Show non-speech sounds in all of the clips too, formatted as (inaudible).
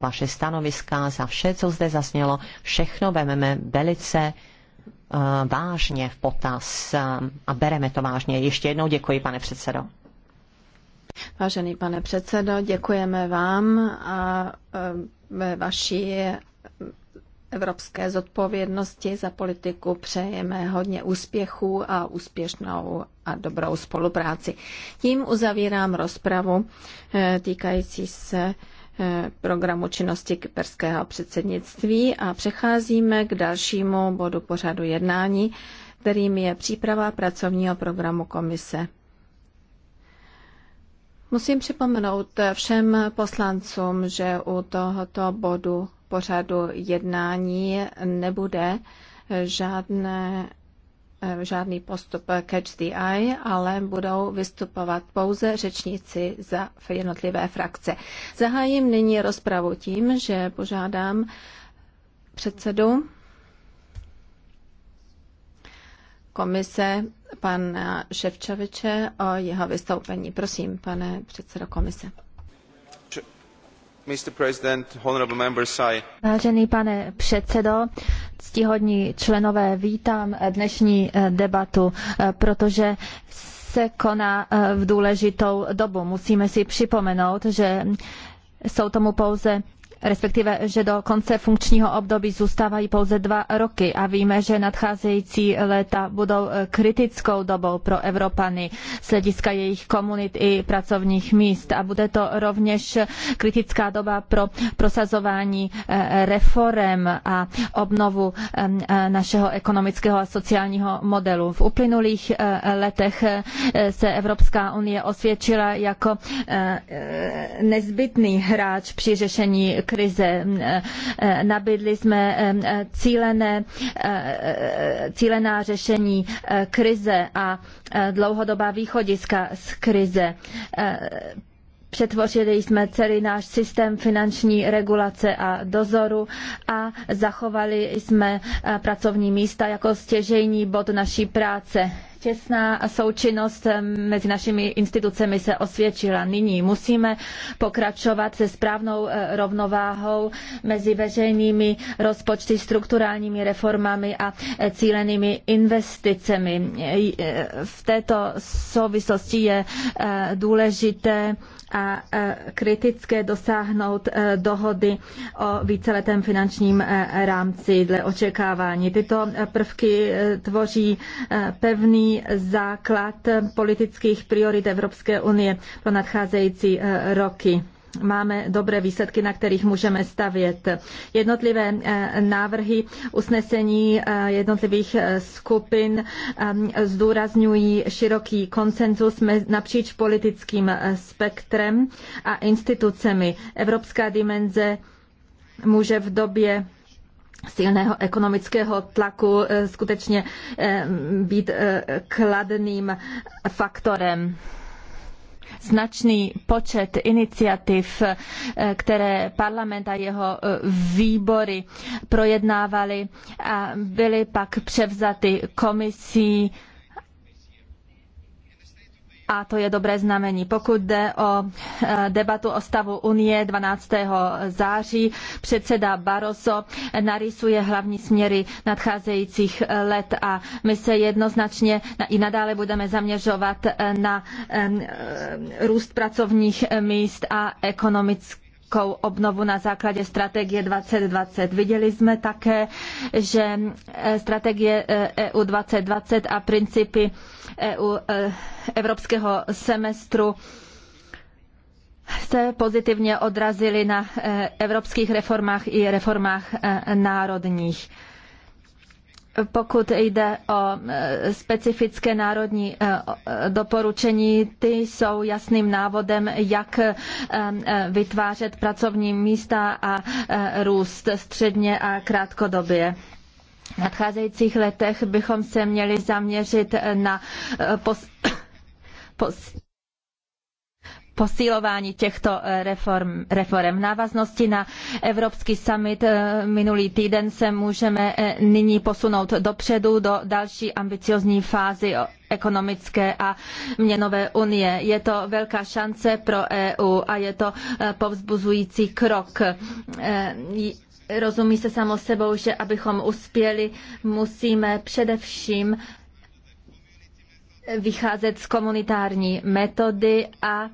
vaše stanoviska, za vše, co zde zasnělo. Všechno vememe velice uh, vážně v potaz uh, a bereme to vážně. Ještě jednou děkuji, pane předsedo. Vážený pane předsedo, děkujeme vám a eh, ve vaší evropské zodpovědnosti za politiku přejeme hodně úspěchů a úspěšnou a dobrou spolupráci. Tím uzavírám rozpravu týkající se programu činnosti kyperského předsednictví a přecházíme k dalšímu bodu pořadu jednání, kterým je příprava pracovního programu komise. Musím připomenout všem poslancům, že u tohoto bodu pořadu jednání nebude žádné Eh, žádný postup Catch the Eye, ale budou vystupovat pouze řečníci za jednotlivé frakce. Zahájím nyní rozpravu tím, že požádám předsedu komise pana Ševčoviče o jeho vystoupení. Prosím, pane předsedo komise. Vážený pane předsedo, Ctihodní členové, vítám dnešní eh, debatu, eh, protože se koná eh, v důležitou dobu. Musíme si připomenout, že jsou tomu pouze respektive, že do konce funkčního období zůstávají pouze dva roky a víme, že nadcházející léta budou eh, kritickou dobou pro Evropany z hlediska jejich komunit i pracovních míst a bude to rovněž kritická doba pro prosazování eh, reforem a obnovu eh, našeho ekonomického a sociálního modelu. V uplynulých letech se Evropská unie osvědčila jako nezbytný hráč při řešení krize. Nabídli jsme cílené, eh, cílená řešení eh, krize a eh, dlouhodobá východiska z krize. Přetvořili jsme celý náš systém finanční regulace a dozoru a zachovali jsme pracovní místa jako stěžejní bod naší práce těsná součinnost mezi našimi institucemi se osvědčila. Nyní musíme pokračovat se správnou eh, rovnováhou mezi veřejnými rozpočty, strukturálními reformami a eh, cílenými investicemi. Eh, v této souvislosti je důležité a kritické dosáhnout dohody o víceletém finančním rámci dle očekávání. Tyto prvky tvoří pevný základ politických priorit Evropské unie pro nadcházející eh, roky máme dobré výsledky, na kterých můžeme stavět. Jednotlivé eh, návrhy usnesení eh, jednotlivých skupin zdůrazňují široký konsenzus napříč politickým spektrem a institucemi. Evropská dimenze může v době silného ekonomického tlaku eh, skutečně eh, být eh, kladným faktorem značný počet iniciativ, které parlament a jeho výbory projednávali, a byly pak převzaty komisí a to je dobré znamení. Pokud jde o e, debatu o stavu Unie 12. září, předseda Barroso narysuje hlavní směry nadcházejících e, let a my se jednoznačně i nadále budeme zaměřovat e, na růst pracovních míst a ekonomické ekonomickou obnovu na základě strategie 2020. Viděli jsme také, že eh, strategie EU eh, e 2020 a principy EU, eh, evropského semestru se pozitivně odrazily na evropských reformách i reformách národních pokud jde o e, specifické národní e, e, doporučení, ty jsou jasným návodem, jak vytvářet pracovní místa a růst středně a krátkodobě. V nadcházejících letech bychom se měli zaměřit na pos- (coughs) pos- posilování těchto eh, reform. reform. V návaznosti na Evropský summit eh, minulý týden se můžeme eh, nyní posunout dopředu do další ambiciozní fázy ekonomické a měnové unie. Je to velká šance pro EU a je to povzbuzující krok rozumí se samo sebou, že abychom uspěli, musíme především vycházet z komunitární metody a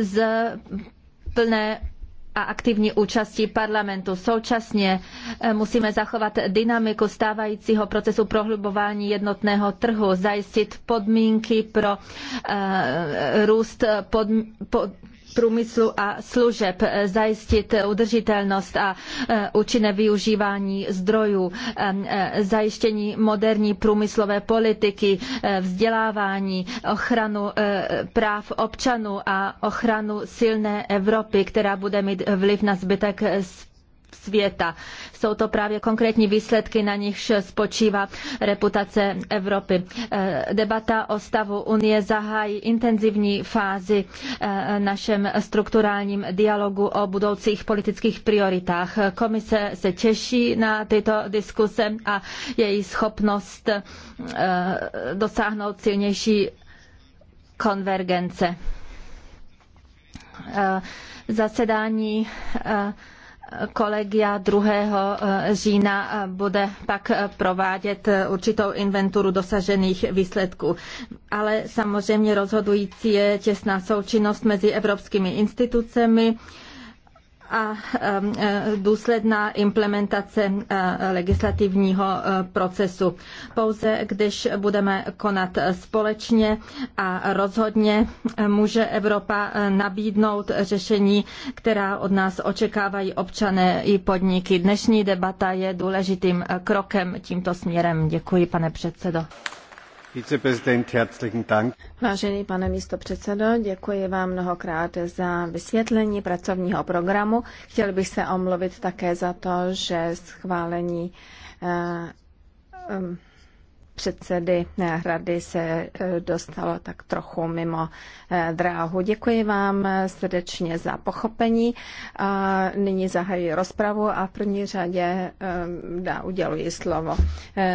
z plné a aktivní účasti parlamentu. Současně eh, musíme zachovat dynamiku stávajícího procesu prohlubování jednotného trhu, zajistit podmínky pro eh, růst pod, pod, průmyslu a služeb, eh, zajistit udržitelnost a eh, účinné využívání zdrojů, eh, zajištění moderní průmyslové politiky, vzdělávání, ochranu práv občanů a ochranu silné Evropy, která bude mít vliv na zbytek světa světa. Jsou to právě konkrétní výsledky, na nichž spočívá reputace Evropy. Eh, debata o stavu Unie zahájí intenzivní fázi eh, našem strukturálním dialogu o budoucích politických prioritách. Komise se těší na tyto diskuse a její schopnost eh, dosáhnout silnější konvergence. Zasedání kolegia 2. Eh, října eh, bude pak eh, provádět určitou inventuru dosažených výsledků. Ale samozřejmě rozhodující je těsná součinnost mezi evropskými institucemi, a um, uh, důsledná implementace uh, legislativního uh, procesu. Pouze když budeme konat společně a rozhodně, může Evropa nabídnout řešení, která od nás očekávají občané i podniky. Dnešní debata je důležitým krokem tímto směrem. Děkuji, pane předsedo. Vážený pane místopředsedo, děkuji vám mnohokrát za vysvětlení pracovního programu. Chtěl bych se omluvit také za to, že schválení eh, eh, předsedy eh, rady se eh, dostalo tak trochu mimo eh, dráhu. Děkuji vám srdečně za pochopení. A nyní zahajuji rozpravu a v první řadě dá uděluji slovo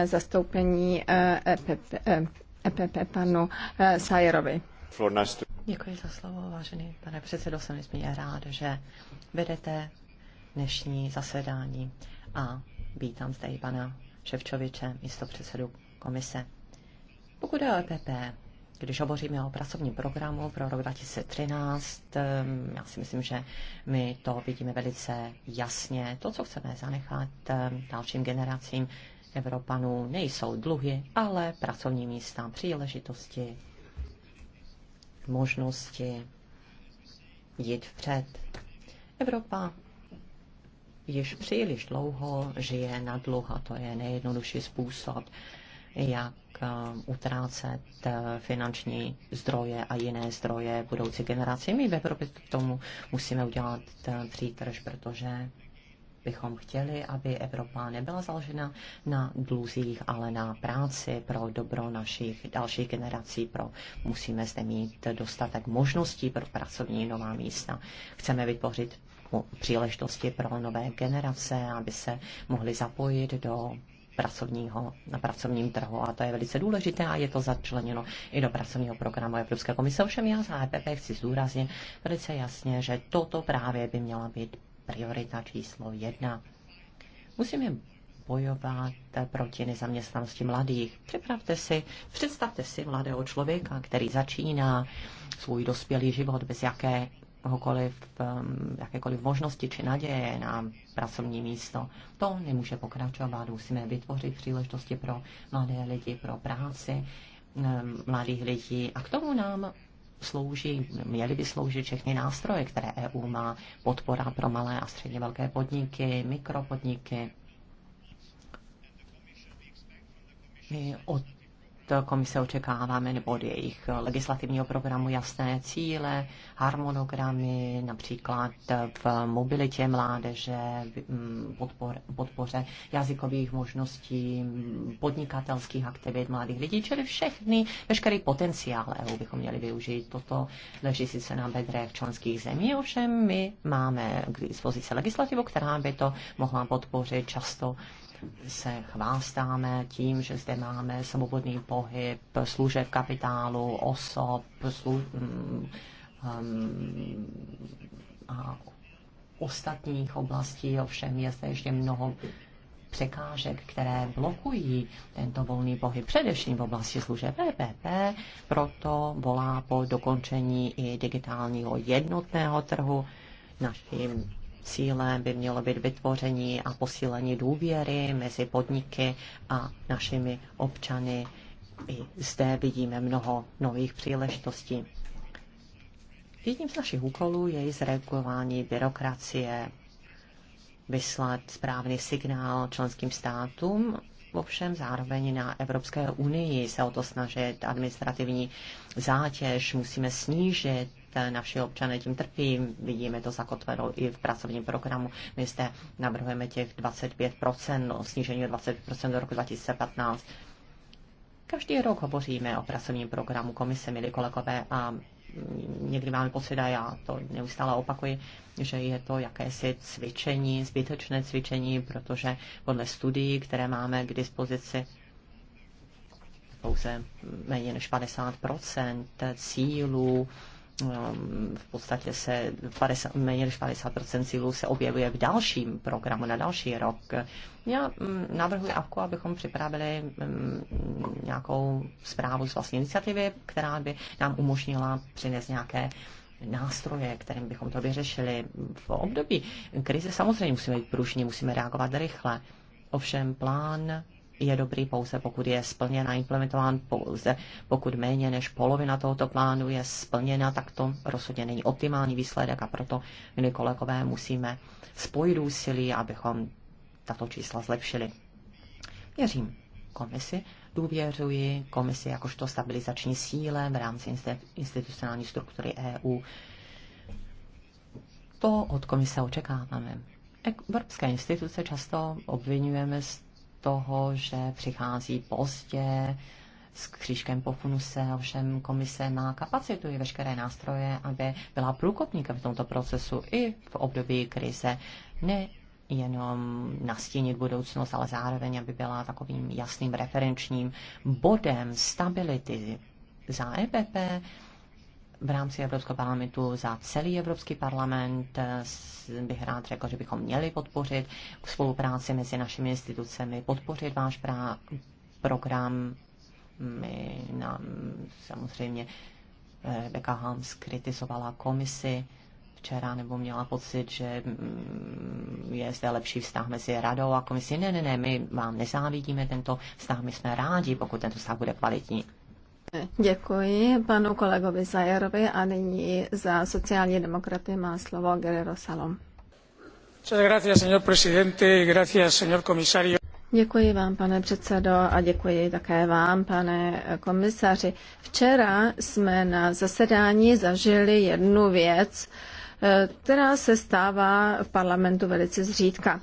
zastoupení EPP, e EPP e panu Sajerovi. Děkuji za slovo, vážený pane předsedo. Jsem nesmírně rád, že vedete dnešní zasedání a vítám zde i pana Ševčoviče, místo předsedu komise. Pokud je o EPP, když hovoříme o pracovním programu pro rok 2013, já si myslím, že my to vidíme velice jasně. To, co chceme zanechat dalším generacím Evropanů, nejsou dluhy, ale pracovní místa, příležitosti, možnosti jít vpřed. Evropa již příliš dlouho žije na dluh a to je nejjednodušší způsob, jak eh, utrácet eh, finanční zdroje a jiné zdroje budoucí generaci. My v Evropě k tomu musíme udělat eh, přítrž, protože bychom chtěli, aby Evropa nebyla založena na dluzích, ale na práci pro dobro našich dalších generací. Pro musíme zde mít dostatek možností pro pracovní nová místa. Chceme vytvořit příležitosti pro nové generace, aby se mohli zapojit do pracovního, na pracovním trhu a to je velice důležité a je to začleněno i do pracovního programu Evropské komise. Ovšem já za EPP chci zdůraznit velice jasně, že toto právě by měla být priorita číslo jedna. Musíme bojovat proti nezaměstnanosti mladých. Připravte si, představte si mladého člověka, který začíná svůj dospělý život bez jaké kohokoliv, um, jakékoliv možnosti či naděje na pracovní místo. To nemůže pokračovat. Musíme vytvořit příležitosti pro mladé lidi, pro práci um, mladých lidí. A k tomu nám slouží, měly by sloužit všechny nástroje, které EU má. Podpora pro malé a středně velké podniky, mikropodniky. My od komise očekáváme, nebo od jejich legislativního programu jasné cíle, harmonogramy, například v mobilitě mládeže, mm, podpor, podpoře jazykových možností, podnikatelských aktivit mladých lidí, čili všechny, veškerý potenciál EU bychom měli využít. Toto leží sice na bedrech členských zemí, ovšem my máme k dispozici legislativu, která by to mohla podpořit často se chvástáme tím, že zde máme svobodný pohyb služeb kapitálu, osob, slu- um, a ostatních oblastí, ovšem je zde ještě mnoho překážek, které blokují tento volný pohyb, především v oblasti služeb PPP, proto volá po dokončení i digitálního jednotného trhu. Naším Cílem by mělo být vytvoření a posílení důvěry mezi podniky a našimi občany. I zde vidíme mnoho nových příležitostí. Jedním z našich úkolů je i zregulování byrokracie, vyslat správný signál členským státům, ovšem zároveň na Evropské unii se o to snažit administrativní zátěž musíme snížit naši občané tím trpí. Vidíme to zakotveno i v pracovním programu. My jste navrhujeme těch 25%, no, snížení o 25% do roku 2015. Každý rok hovoříme o pracovním programu komise, milí kolegové, a někdy máme pocit, a já to neustále opakuji, že je to jakési cvičení, zbytečné cvičení, protože podle studií, které máme k dispozici, pouze méně než 50 cílů Ehm, v podstatě se 50, méně než 50% cílů se objevuje v dalším programu na další rok. Já mm, navrhuji AVKu, abychom připravili mm, nějakou zprávu z vlastní iniciativy, která by nám umožnila přinést nějaké nástroje, kterým bychom to vyřešili v období krize. Samozřejmě musíme být průžní, musíme reagovat rychle. Ovšem plán je dobrý pouze, pokud je splněn a implementován pouze, pokud méně než polovina tohoto plánu je splněna, tak to rozhodně není optimální výsledek a proto, milí kolegové, musíme spojit úsilí, abychom tato čísla zlepšili. Věřím komisi, důvěřuji komisi jakožto stabilizační síle v rámci institucionální struktury EU. To od komise očekáváme. Evropské instituce často obvinujeme z toho, že přichází pozdě, s křížkem po funuse, ovšem komise má kapacitu i veškeré nástroje, aby byla průkopníkem v tomto procesu i v období krize. Ne jenom nastínit budoucnost, ale zároveň, aby byla takovým jasným referenčním bodem stability za EPP v rámci Evropského parlamentu za celý Evropský parlament. Bych rád řekl, že bychom měli podpořit spolupráci mezi našimi institucemi, podpořit váš program. My nám samozřejmě eh, Rebecca Hams kritizovala komisi včera, nebo měla pocit, že mm, je zde lepší vztah mezi radou a komisí. Ne, ne, ne, my vám nezávidíme tento vztah, my jsme rádi, pokud tento vztah bude kvalitní. Děkuji panu kolegovi Zajerovi a nyní za sociální demokraty má slovo Guerrero Salom. Děkuji vám, pane předsedo, a děkuji také vám, pane komisaři. Včera jsme na zasedání zažili jednu věc, eh, která se stává v parlamentu velice zřídka.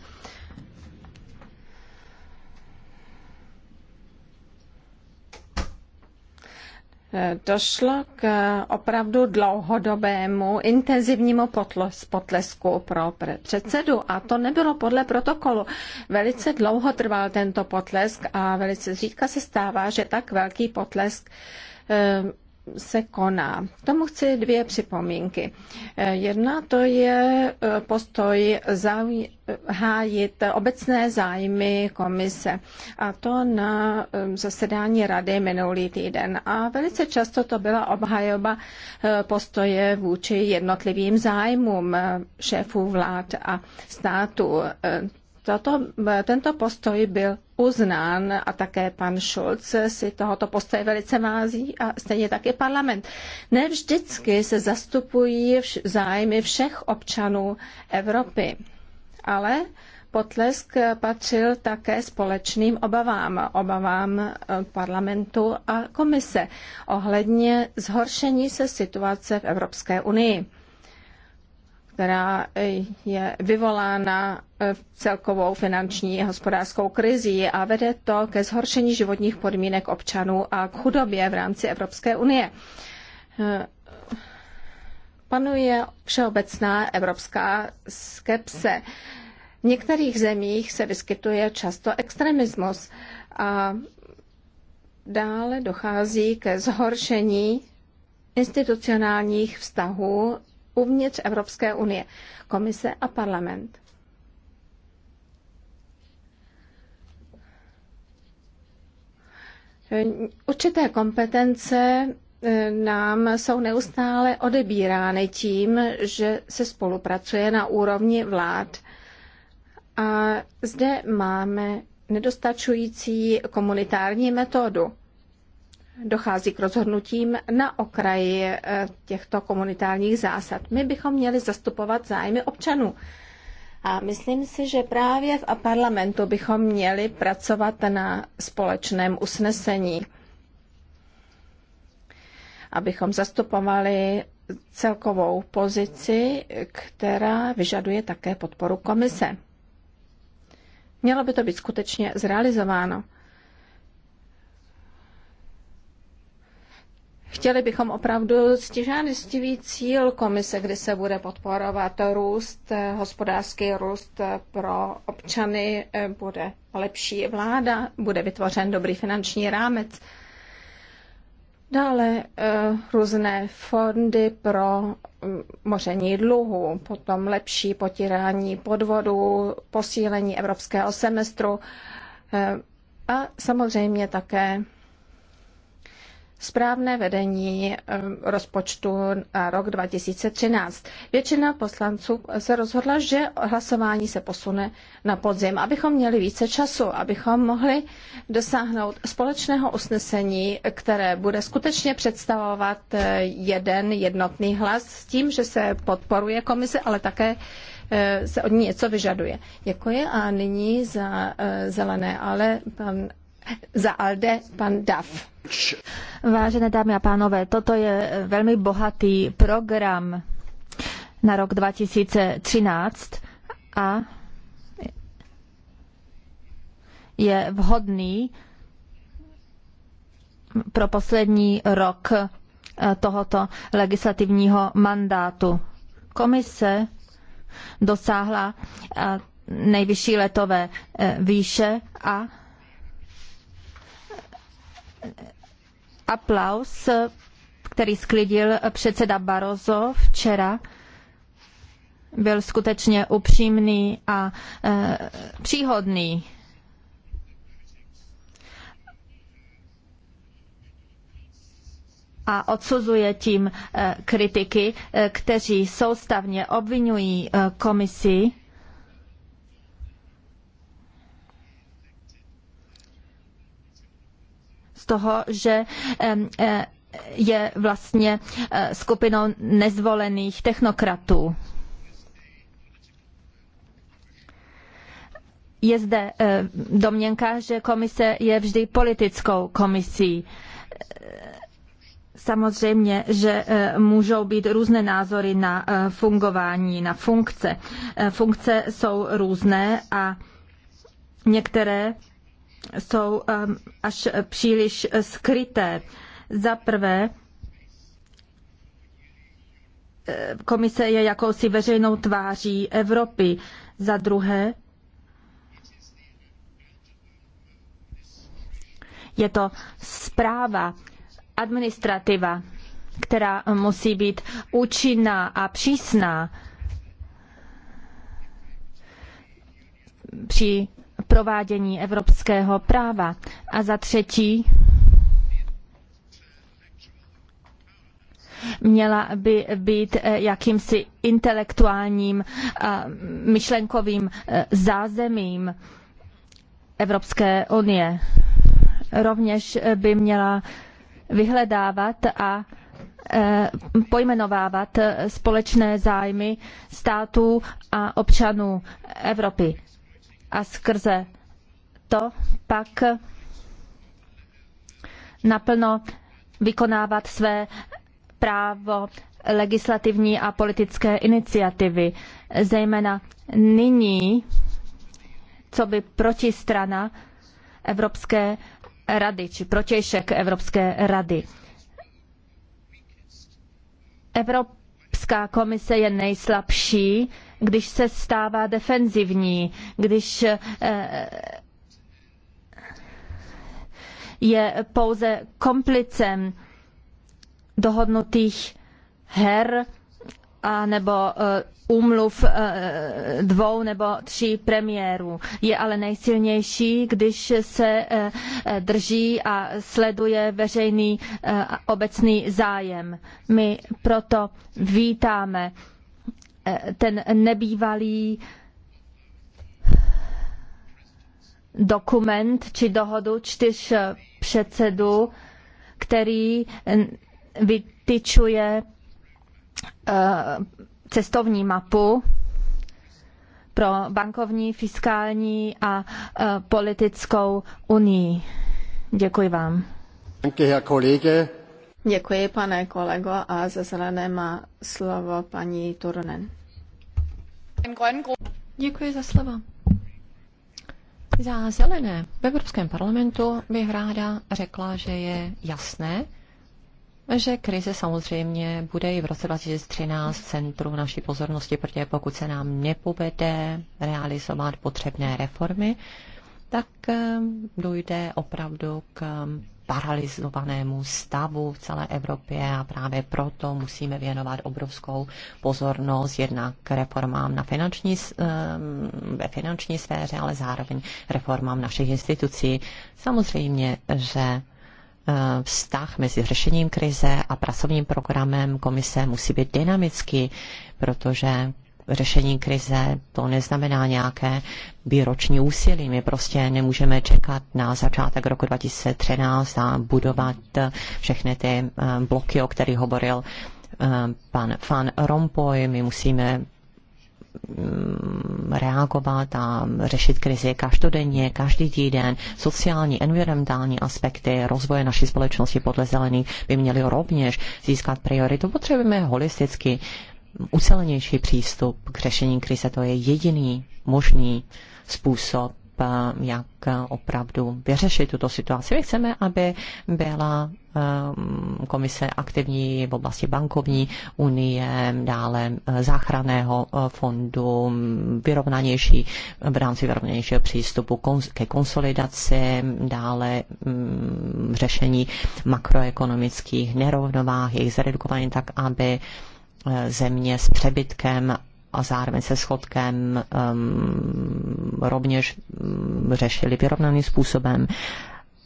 Eh, došlo k eh, opravdu dlouhodobému intenzivnímu potlesku pro předsedu a to nebylo podle protokolu. Velice dlouho trval tento potlesk a velice zřídka se stává, že tak velký potlesk eh, se koná. K tomu chci dvě připomínky. Eh, jedna to je eh, postoj eh, hájit obecné zájmy komise a to na zasedání rady minulý týden. A velice často to byla obhajoba postoje vůči jednotlivým zájmům šéfů vlád a států. Toto, eh, tento postoj byl uznán a také pan Schulz si tohoto postoje velice mází a stejně také parlament. Ne vždycky se zastupují vš- zájmy všech občanů Evropy, ale potlesk patřil také společným obavám, obavám eh, parlamentu a komise ohledně zhoršení se situace v Evropské unii která je vyvolána e, celkovou finanční a hospodářskou krizí a vede to ke zhoršení životních podmínek občanů a k chudobě v rámci Evropské unie. E, panuje všeobecná evropská skepse. V některých zemích se vyskytuje často extremismus a dále dochází ke zhoršení institucionálních vztahů uvnitř Evropské unie, komise a parlament. Určité kompetence eh, nám jsou neustále odebírány tím, že se spolupracuje na úrovni vlád. A zde máme nedostačující komunitární metodu dochází k rozhodnutím na okraji eh, těchto komunitárních zásad. My bychom měli zastupovat zájmy občanů. A myslím si, že právě v parlamentu bychom měli pracovat na společném usnesení, abychom zastupovali celkovou pozici, která vyžaduje také podporu komise. Mělo by to být skutečně zrealizováno. Chtěli bychom opravdu stižánistivý cíl komise, kdy se bude podporovat růst, eh, hospodářský růst eh, pro občany, eh, bude lepší vláda, bude vytvořen dobrý finanční rámec. Dále různé fondy pro mm, moření dluhu, potom lepší potírání podvodů, posílení evropského semestru a samozřejmě také správné vedení ehm, rozpočtu na rok 2013. Většina poslanců se rozhodla, že hlasování se posune na podzim, abychom měli více času, abychom mohli dosáhnout společného usnesení, které bude skutečně představovat eh, jeden jednotný hlas s tím, že se podporuje komise, ale také eh, se od ní něco vyžaduje. Děkuji a nyní za eh, zelené, ale pan za Alde pan Dav. Vážené dámy a pánové, toto je velmi bohatý program na rok 2013 a je vhodný pro poslední rok eh, tohoto legislativního mandátu. Komise dosáhla eh, nejvyšší letové eh, výše a aplaus, který sklidil předseda Barroso včera, byl skutečně upřímný a eh, příhodný. a odsuzuje tím eh, kritiky, eh, kteří soustavně obvinují komisi z toho, že e, je vlastně e, skupinou nezvolených technokratů. Je zde e, domněnka, že komise je vždy politickou komisí. Samozřejmě, že můžou být různé názory na fungování, na funkce. Funkce jsou různé a některé jsou um, až příliš skryté. Za prvé, eh, komise je jakousi veřejnou tváří Evropy. Za druhé, je to správa, administrativa, která musí být účinná a přísná. Při provádění evropského práva. A za třetí, měla by být eh, jakýmsi intelektuálním eh, myšlenkovým eh, zázemím Evropské unie. Rovněž by měla vyhledávat a pojmenovávat společné zájmy států a občanů Evropy a skrze to pak naplno vykonávat své právo legislativní a politické iniciativy. Zejména nyní, co by protistrana Evropské rady, či protějšek Evropské rady. Evropská komise je nejslabší když se stává defenzivní, když eh, je pouze komplicem dohodnutých her a nebo eh, úmluv eh, dvou nebo tří premiérů. Je ale nejsilnější, když se drží a sleduje veřejný obecný zájem. My proto vítáme ten nebývalý dokument či dohodu čtyř předsedů, který vytyčuje eh, cestovní mapu pro bankovní, fiskální a eh, politickou unii. Děkuji vám. Děkuji, pane kolego, a za zelené má slovo paní Turunen. Děkuji za slova. Za zelené v Evropském parlamentu bych ráda řekla, že je jasné, že krize samozřejmě bude i v roce 2013 v centru naší pozornosti, protože pokud se nám nepovede realizovat potřebné reformy, tak eh, dojde opravdu k paralizovanému stavu v celé Evropě a právě proto musíme věnovat obrovskou pozornost jednak reformám na finanční, ve finanční sféře, ale zároveň reformám našich institucí. Samozřejmě, že eh, vztah mezi řešením krize a pracovním programem komise musí být dynamický, protože řešení krize, to neznamená nějaké výroční úsilí. My prostě nemůžeme čekat na začátek roku 2013 a budovat všechny ty eh, bloky, o kterých hovoril eh, pan Fan Rompuy. My musíme mm, reagovat a řešit krizi každodenně, každý týden. Sociální, environmentální aspekty rozvoje naší společnosti podle zelených by měly rovněž získat prioritu. Potřebujeme uh, ucelenější přístup k řešení krize. To je jediný možný způsob, eh, jak eh, opravdu vyřešit tuto situaci. My chceme, aby byla eh, komise aktivní v oblasti bankovní unie, dále záchraného fondu, vyrovnanější v rámci vyrovnanějšího přístupu ke konsolidaci, dále mm, řešení makroekonomických nerovnováh, jejich zredukování tak, aby Eh, země s přebytkem a zároveň se schodkem um, rovněž mm, řešili vyrovnaným způsobem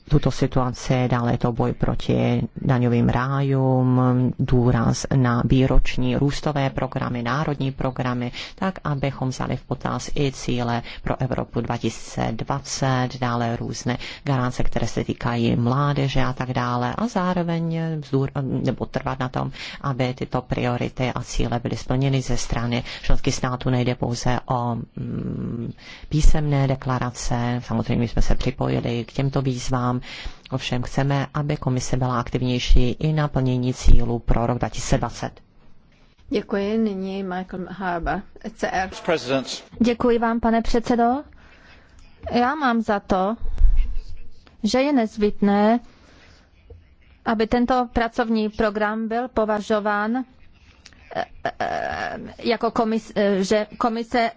tuto situaci, dále je to boj proti daňovým rájům, důraz na výroční růstové programy, národní programy, tak abychom vzali v potaz i cíle pro Evropu 2020, dále různé garance, které se týkají mládeže a tak dále a zároveň vzdůr, nebo trvat na tom, aby tyto priority a cíle byly splněny ze strany členských států. Nejde pouze o mm, písemné deklarace, samozřejmě jsme se připojili k těmto výzvám, vám. Ovšem chceme, aby komise byla aktivnější i na plnění cílu pro rok 2020. Děkuji, nyní Michael Harber, e CR. Děkuji vám, pane předsedo. Já mám za to, že je nezbytné, aby tento pracovní program byl považován Eh, eh, jako komis, eh, že komise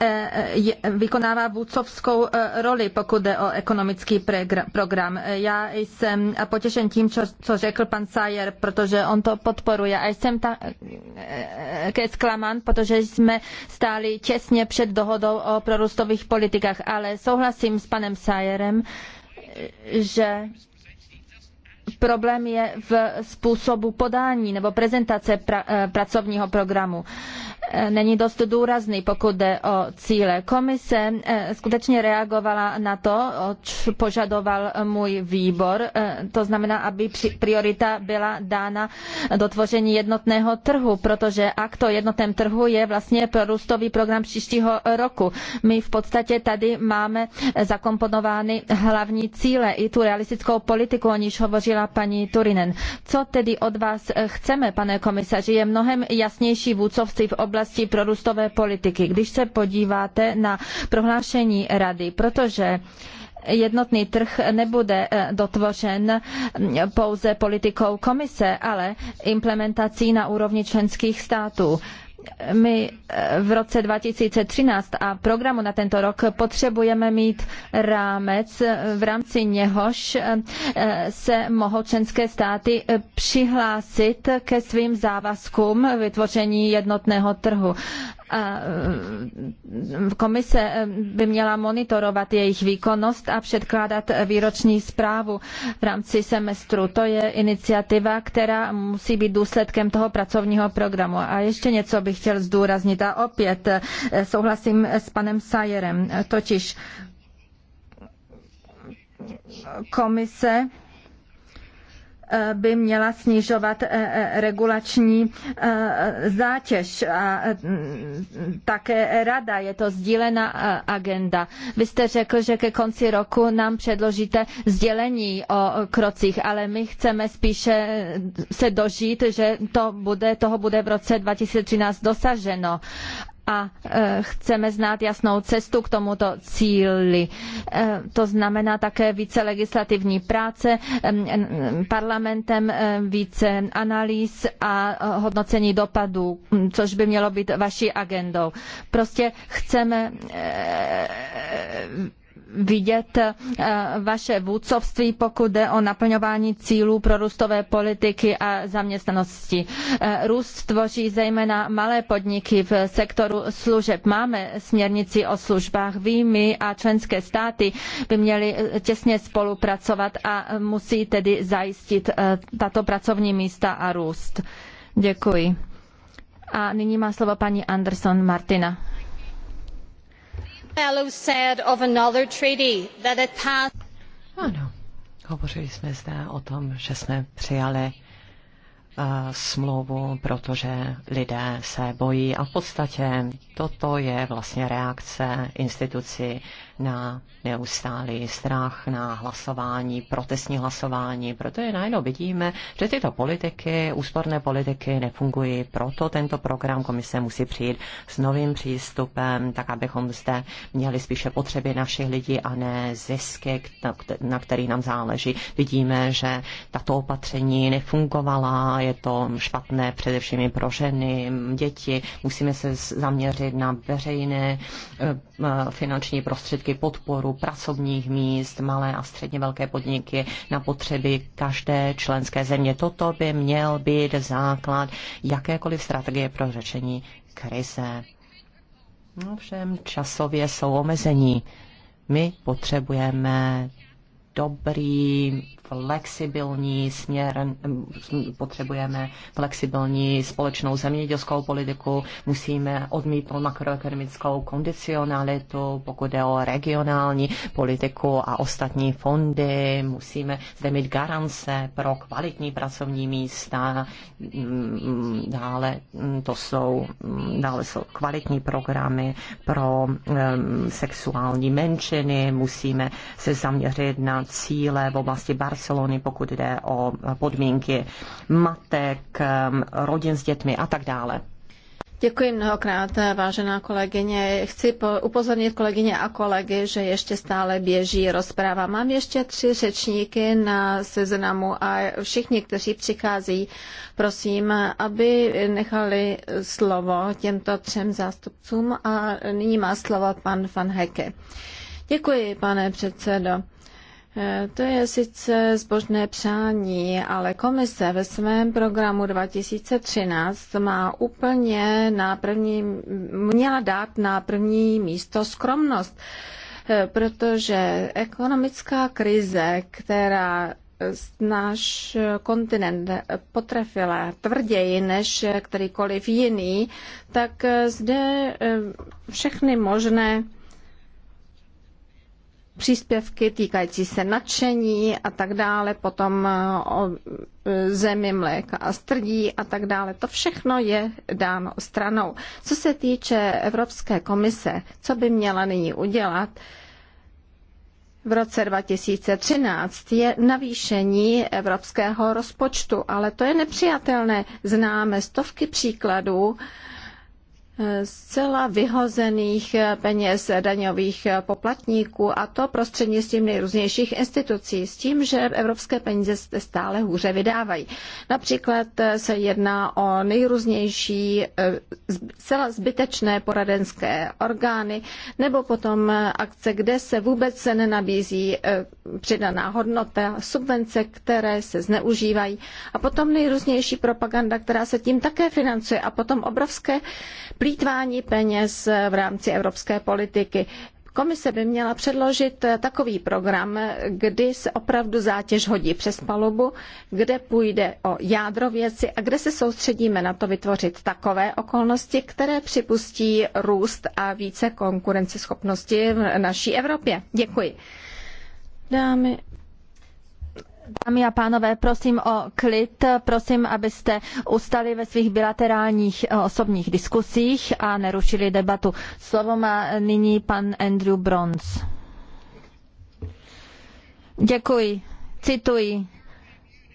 vykonává vůdcovskou roli, pokud jde o ekonomický program. Já jsem potěšen tím, co, řekl pan Sayer, protože on to podporuje. A jsem také zklamán, protože jsme stáli těsně před dohodou o prorůstových politikách. Ale souhlasím s panem Sayerem, že problém je v způsobu podání nebo prezentace pra, eh, pracovního programu není dost důrazný, pokud jde o cíle. Komise eh, skutečně reagovala na to, oč požadoval můj výbor, eh, to znamená, aby priorita byla dána dotvoření jednotného trhu, protože akt o jednotném trhu je vlastně prorůstový program příštího roku. My v podstatě tady máme zakomponovány hlavní cíle i tu realistickou politiku, o níž hovořila paní Turinen. Co tedy od vás chceme, pane komisaři? Je mnohem jasnější vůdcovství v oblasti oblasti prorůstové politiky. Když se podíváte na prohlášení rady, protože jednotný trh nebude eh, dotvořen mm, pouze politikou komise, ale implementací na úrovni členských států my eh, v roce 2013 a programu na tento rok potřebujeme mít rámec, eh, v rámci něhož eh, se mohou členské státy přihlásit ke svým závazkům vytvoření jednotného trhu. Eh, komise eh, by měla monitorovat jejich výkonnost a předkládat eh, výroční zprávu v rámci semestru. To je iniciativa, která musí být důsledkem toho pracovního programu. A ještě něco bych chtěl zdůraznit a opět souhlasím s panem Sajerem, totiž komise by měla snižovat eh, eh, regulační eh, zátěž a mm, také rada, je to sdílená agenda. Vy jste řekl, že ke konci roku nám předložíte sdělení o krocích, ale my chceme spíše se dožít, že to bude, toho bude v roce 2013 dosaženo a e, chceme znát jasnou cestu k tomuto cíli. E, to znamená také více legislativní práce e, parlamentem, více analýz a hodnocení dopadů, což by mělo být vaší agendou. Prostě chceme vidět eh, vaše vůdcovství, pokud jde o naplňování cílů pro růstové politiky a zaměstnanosti. Eh, růst tvoří zejména malé podniky v sektoru služeb. Máme směrnici o službách. Vy, a členské státy by měly eh, těsně spolupracovat a musí tedy zajistit tato pracovní místa a růst. Děkuji. A nyní má slovo paní Anderson Martina. Ano, hovořili jsme zde o tom, že jsme přijali eh, smlouvu, protože lidé se bojí a v podstatě toto je vlastně reakce institucí na neustálý strach, na hlasování, protestní hlasování. Proto je najednou vidíme, že tyto politiky, úsporné politiky nefungují. Proto tento program komise musí přijít s novým přístupem, tak abychom zde měli spíše potřeby našich lidí a ne zisky, na který nám záleží. Vidíme, že tato opatření nefungovala, je to špatné především pro ženy, děti. Musíme se zaměřit na veřejné eh, finanční prostředky prostředky, podporu pracovních míst, malé a středně velké podniky na potřeby každé členské země. Toto by měl být základ jakékoliv strategie pro řešení krize. No všem časově jsou omezení. My potřebujeme dobrý flexibilní směr, mm, potřebujeme flexibilní společnou zemědělskou politiku, musíme odmítnout makroekonomickou kondicionalitu, pokud jde o regionální politiku a ostatní fondy, musíme zde mít garance pro kvalitní pracovní místa, mm, dále mm, to jsou, dále jsou kvalitní programy pro um, sexuální menšiny, musíme se zaměřit na cíle v oblasti bar Barcelony, pokud jde o podmínky matek, um, rodin s dětmi a tak dále. Děkuji mnohokrát, vážená kolegyně. Chci upozornit kolegyně a kolegy, že ještě stále běží rozpráva. Mám ještě tři řečníky na seznamu a všichni, kteří přichází, prosím, aby nechali slovo těmto třem zástupcům a nyní má slovo pan Van Heke. Děkuji, pane předsedo. Eh, to je sice zbožné přání, ale komise ve svém programu 2013 má úplně na první, měla dát na první místo skromnost, eh, protože ekonomická krize, která náš kontinent potrefila tvrději než kterýkoliv jiný, tak eh, zde všechny možné příspěvky týkající se nadšení a tak dále, potom eh, o eh, zemi mléka a strdí a tak dále. To všechno je dáno stranou. Co se týče Evropské komise, co by měla nyní udělat, v roce 2013 je navýšení evropského rozpočtu, ale to je nepřijatelné. Známe stovky příkladů, zcela vyhozených peněz daňových poplatníků a to prostřednictvím nejrůznějších institucí s tím, že evropské peníze se stále hůře vydávají. Například se jedná o nejrůznější eh, zcela zbytečné poradenské orgány nebo potom akce, kde se vůbec nenabízí eh, přidaná hodnota, subvence, které se zneužívají a potom nejrůznější propaganda, která se tím také financuje a potom obrovské plí plítvání peněz v rámci evropské politiky. Komise by měla předložit takový program, kdy se opravdu zátěž hodí přes palubu, kde půjde o jádro věci a kde se soustředíme na to vytvořit takové okolnosti, které připustí růst a více konkurenceschopnosti v naší Evropě. Děkuji. Dámy Dámy a pánové, prosím o klid, prosím, abyste ustali ve svých bilaterálních eh, osobních diskusích a nerušili debatu. Slovo má nyní pan Andrew Brons. Děkuji. Cituji.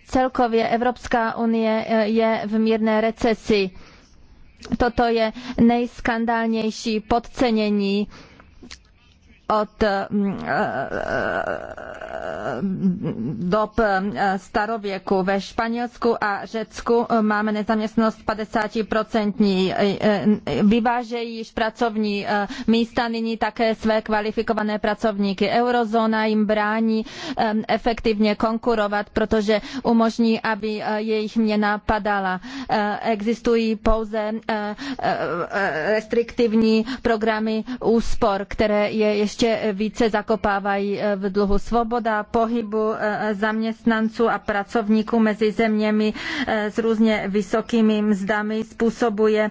Celkově Evropská unie eh, je v mírné recesi. Toto je nejskandálnější podcenění od mm, eh, dob eh, starověku. Ve Španělsku a Řecku eh, máme nezaměstnanost 50%. Vyvážejí již pracovní místa nyní také své kvalifikované pracovníky. Eurozóna jim brání efektivně konkurovat, protože umožní, aby jejich měna padala. Existují pouze restriktivní programy úspor, které je ještě ještě více zakopávají eh, v dluhu. Svoboda pohybu eh, zaměstnanců a pracovníků mezi zeměmi eh, s různě vysokými mzdami způsobuje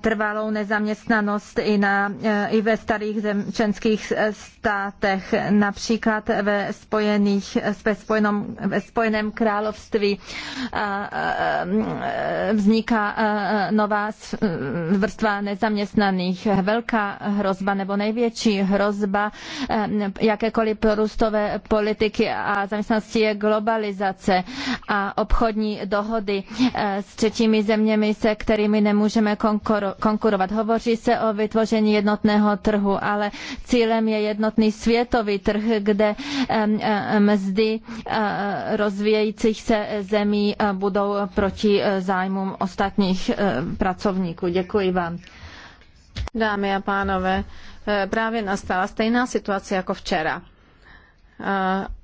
trvalou nezaměstnanost i, na, i ve starých zem, členských státech státech, například ve, spojených, ve, spojenom, ve Spojeném království vzniká nová vrstva nezaměstnaných. Velká hrozba nebo největší hrozba jakékoliv prorůstové politiky a zaměstnanosti je globalizace a obchodní dohody s třetími zeměmi, se kterými nemůžeme konkurovat. Hovoří se o vytvoření jednotného trhu, ale cílem je jednotný jednotný světový trh, kde mzdy eh, rozvíjejících se zemí eh, budou proti eh, zájmům ostatních pracovníků. Děkuji vám. Dámy a pánové, právě nastala stejná situace jako včera.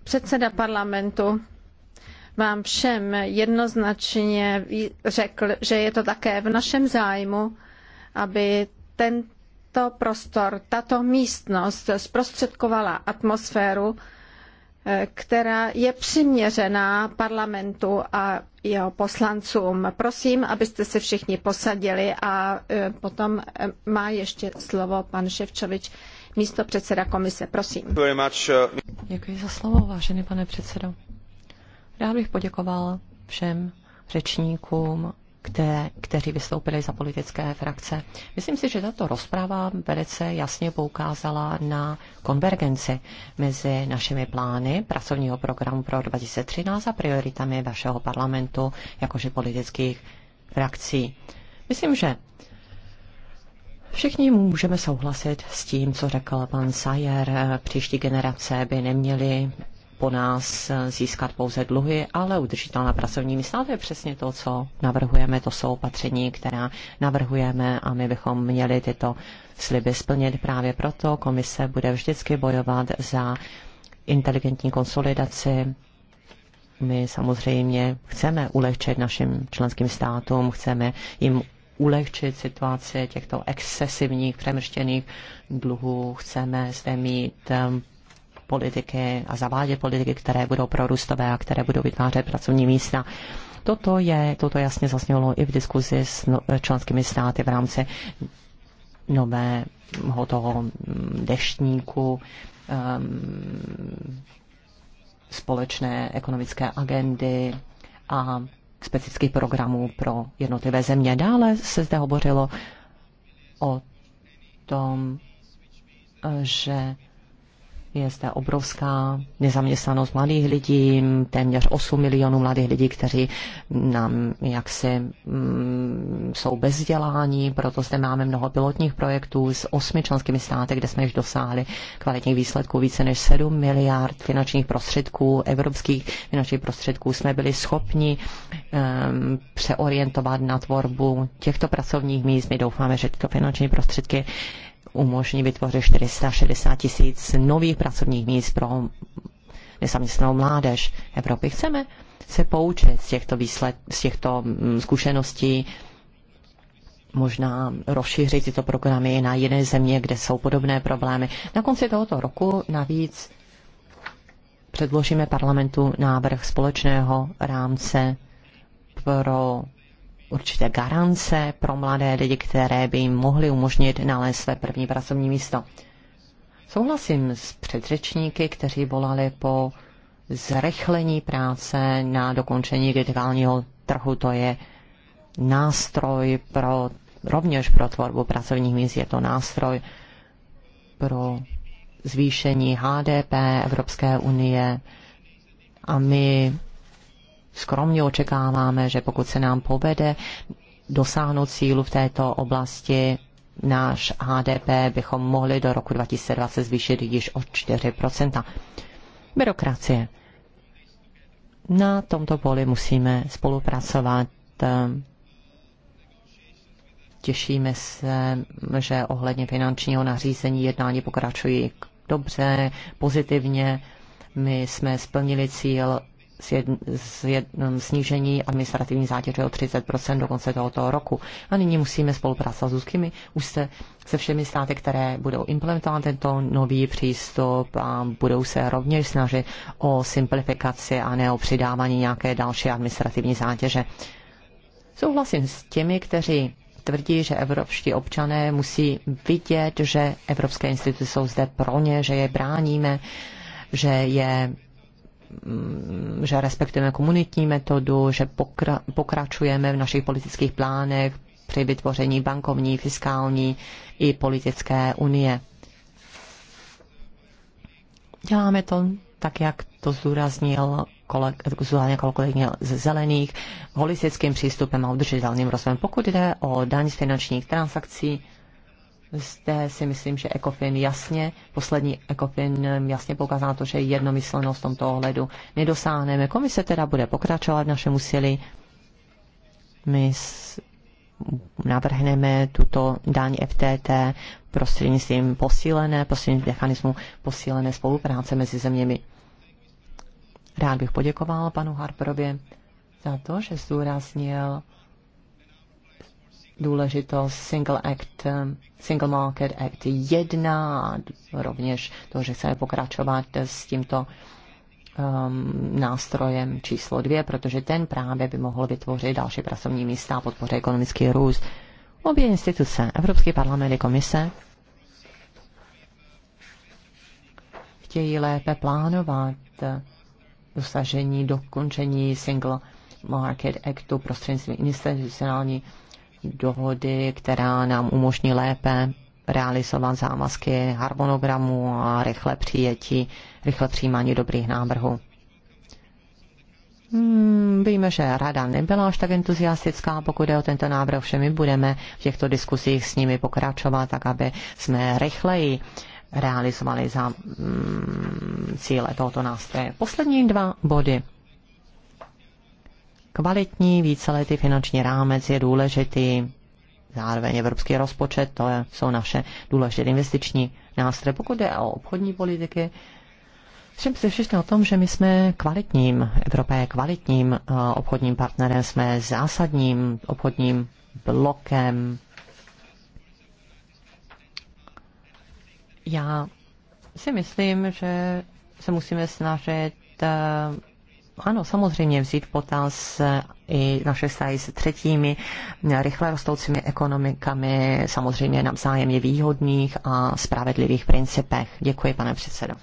Předseda parlamentu vám všem jednoznačně řekl, že je to také v našem zájmu, aby ten tento prostor, tato místnost zprostředkovala atmosféru, eh, která je přiměřená parlamentu a jeho poslancům. Prosím, abyste se všichni posadili a eh, potom eh, má ještě slovo pan Ševčovič, místo předseda komise. Prosím. Uh, Děkuji za slovo, vážený pane předsedo. Rád bych poděkoval všem řečníkům které, kteří vystoupili za politické frakce. Myslím si, že tato rozprava velice jasně poukázala na konvergenci mezi našimi plány pracovního programu pro 2013 a prioritami vašeho parlamentu, jakože politických frakcí. Myslím, že Všichni můžeme souhlasit s tím, co řekl pan Sayer. Příští generace by neměly po nás získat pouze dluhy, ale udržitelná pracovní místa, to je přesně to, co navrhujeme, to jsou opatření, která navrhujeme a my bychom měli tyto sliby splnit. Právě proto komise bude vždycky bojovat za inteligentní konsolidaci. My samozřejmě chceme ulehčit našim členským státům, chceme jim ulehčit situaci těchto excesivních přemrštěných dluhů. Chceme zde mít um, politiky a zavádět politiky, které budou prorůstové a které budou vytvářet pracovní místa. Toto, je, toto jasně zasnělo i v diskuzi s no, členskými státy v rámci nového toho mm, deštníku, um, společné ekonomické agendy a specifických programů pro jednotlivé země. Dále se zde hovořilo o tom, že je zde obrovská nezaměstnanost mladých lidí, téměř 8 milionů mladých lidí, kteří nám jaksi mm, jsou bez vzdělání, proto zde máme mnoho pilotních projektů s osmi členskými státy, kde jsme již dosáhli kvalitních výsledků více než 7 miliard finančních prostředků, evropských finančních prostředků jsme byli schopni um, přeorientovat na tvorbu těchto pracovních míst. My doufáme, že tyto finanční prostředky umožní vytvořit 460 tisíc nových pracovních míst pro nezaměstnanou mládež Evropy. Chceme se poučit z těchto, výsled, z těchto mm, zkušeností, možná rozšířit tyto programy na jiné země, kde jsou podobné problémy. Na konci tohoto roku navíc předložíme parlamentu návrh společného rámce pro určité garance pro mladé lidi, které by jim mohly umožnit nalézt své první pracovní místo. Souhlasím s předřečníky, kteří volali po zrychlení práce na dokončení digitálního trhu. To je nástroj pro, rovněž pro tvorbu pracovních míst, je to nástroj pro zvýšení HDP Evropské unie a my skromně očekáváme, že pokud se nám povede dosáhnout cílu v této oblasti, náš HDP bychom mohli do roku 2020 zvýšit již o 4 Byrokracie. Na tomto poli musíme spolupracovat. Těšíme se, že ohledně finančního nařízení jednání pokračují dobře, pozitivně. My jsme splnili cíl Mm, snížení administrativní zátěže o 30 do konce tohoto roku. A nyní musíme spolupracovat s úzkými, už se, se všemi státy, které budou implementovat tento nový přístup a budou se rovněž snažit o simplifikaci a ne o přidávání nějaké další administrativní zátěže. Souhlasím s těmi, kteří tvrdí, že evropští občané musí vidět, že evropské instituce jsou zde pro ně, že je bráníme, že je Mm, že respektujeme komunitní metodu, že pokra, pokračujeme v našich politických plánech při vytvoření bankovní, fiskální i politické unie. Děláme to tak, jak to zdůraznil koleg, zdůraznil z zelených, holistickým přístupem a udržitelným rozvojem. Pokud jde o daň z finančních transakcí, zde si myslím, že ECOFIN jasně, poslední ECOFIN jasně poukázal na to, že jednomyslnost v tomto ohledu nedosáhneme. Komise teda bude pokračovat v našem úsilí. My navrhneme tuto daň FTT prostřednictvím posílené, prostřednictvím mechanismu posílené spolupráce mezi zeměmi. Rád bych poděkoval panu Harperovi za to, že zdůraznil důležitost Single Act, Single Market Act jedna, rovněž to, že chceme pokračovat s tímto um, nástrojem číslo dvě, protože ten právě by mohl vytvořit další pracovní místa a podpořit ekonomický růst. Obě instituce, Evropský parlament i komise, chtějí lépe plánovat dosažení, dokončení Single Market Actu prostřednictvím institucionální dohody, která nám umožní lépe realizovat závazky harmonogramu a rychle přijetí, rychle přijímání dobrých návrhů. Hmm, víme, že rada nebyla až tak entuziastická, pokud je o tento návrh, všem my budeme v těchto diskusích s nimi pokračovat, tak aby jsme rychleji realizovali za mm, cíle tohoto nástroje. Poslední dva body. Kvalitní víceletý finanční rámec je důležitý, zároveň evropský rozpočet, to je, jsou naše důležité investiční nástroje. Pokud jde o obchodní politiky, Všem se všichni o tom, že my jsme kvalitním, Evropa je kvalitním eh, obchodním partnerem, jsme zásadním obchodním blokem. Já si myslím, že se musíme snažit eh, ano, samozřejmě vzít potaz eh, i naše vztahy s třetími eh, rychle rostoucími ekonomikami, samozřejmě na vzájemně výhodných a spravedlivých principech. Děkuji, pane předsedo.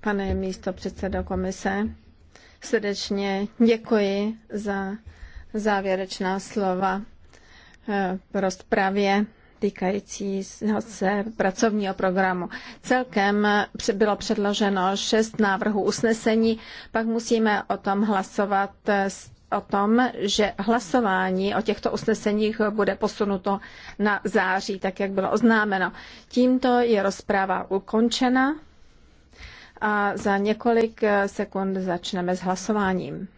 Pane místo předsedo komise, srdečně děkuji za závěrečná slova v eh, rozpravě týkající se pracovního programu. Celkem bylo předloženo šest návrhů usnesení, pak musíme o tom hlasovat o tom, že hlasování o těchto usneseních bude posunuto na září, tak jak bylo oznámeno. Tímto je rozpráva ukončena a za několik sekund začneme s hlasováním.